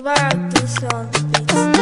Work these old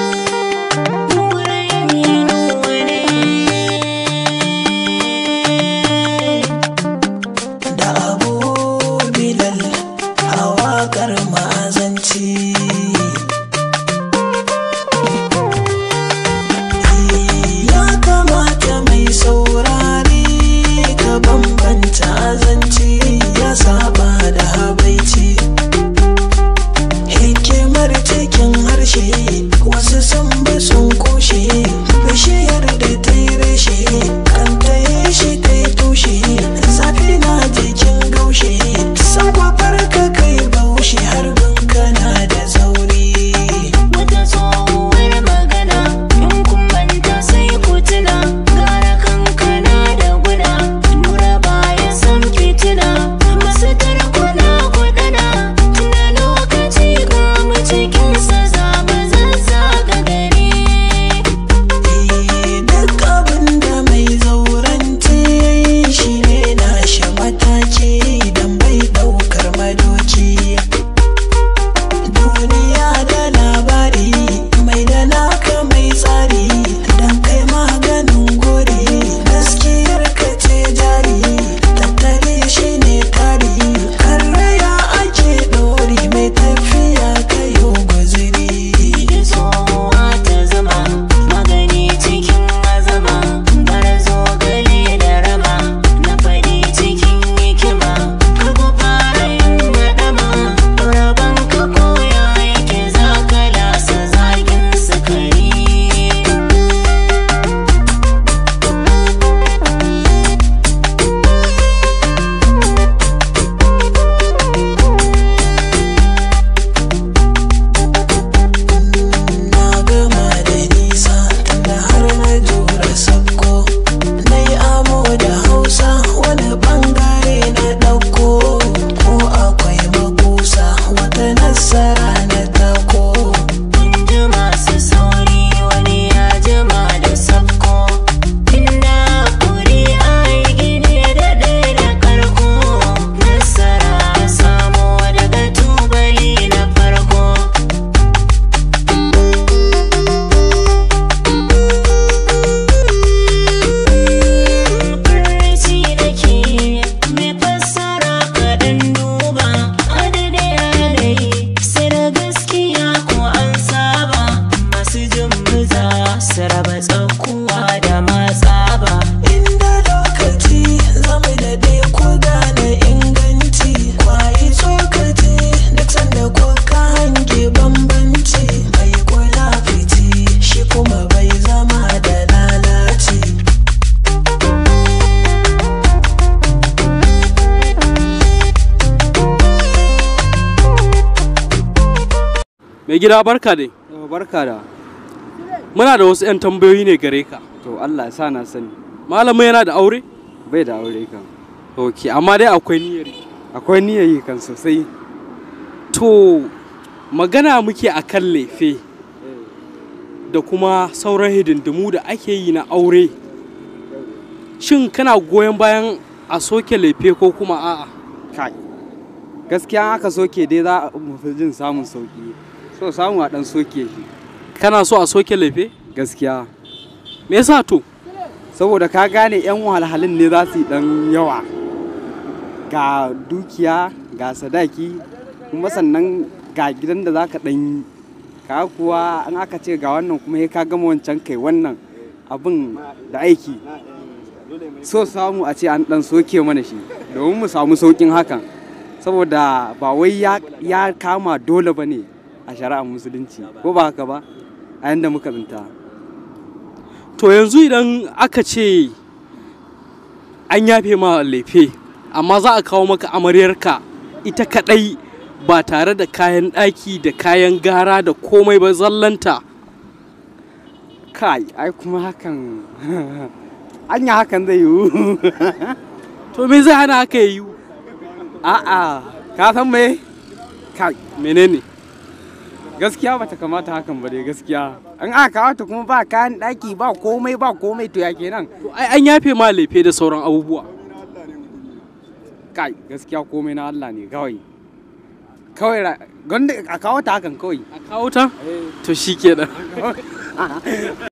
mai gida barka dai barka da muna da wasu 'yan tambayoyi ne gare ka to Allah ya sa na sani malamin yana da aure bai da aure kan ok amma dai akwai niyyar akwai niyyar yi kan sosai to magana muke a kan lefe da kuma sauran hidindimu da ake yi na aure shin kana goyon bayan a soke lefe ko kuma a'a kai gaskiya aka soke dai za a jin samun sauki so samu a dan soke shi kana so a soke laife? gaskiya me yasa to saboda ka gane yan wahalhalin ne za su yi dan yawa ga dukiya ga sadaki kuma sannan ga gidan da za ka dan yi ka kuwa an aka ce ga wannan kuma ka gama wancan kai wannan abin da aiki so samu a ce an dan soke mana shi domin mu samu saukin hakan saboda ba wai ya kama dole ba ne a shari'ar musulunci ko ba haka ba a yadda muka binta to yanzu idan aka ce an yafe ma laife amma za a kawo maka amaryarka ita kadai ba tare da kayan ɗaki da kayan gara da komai ba zallanta kai ai kuma hakan anya hakan zai yiwu to me zai hana haka yiwu a'a ka san me kai menene gaskiya bata kamata hakan ba dai gaskiya an aka kawo ta kuma ba kayan daki ba komai ba komai to ya kenan to ai an yafe ma laife da sauran abubuwa kai gaskiya komai na Allah ne kawai kawai gonda a kawo ta hakan kawai a kawo ta eh. to shikenan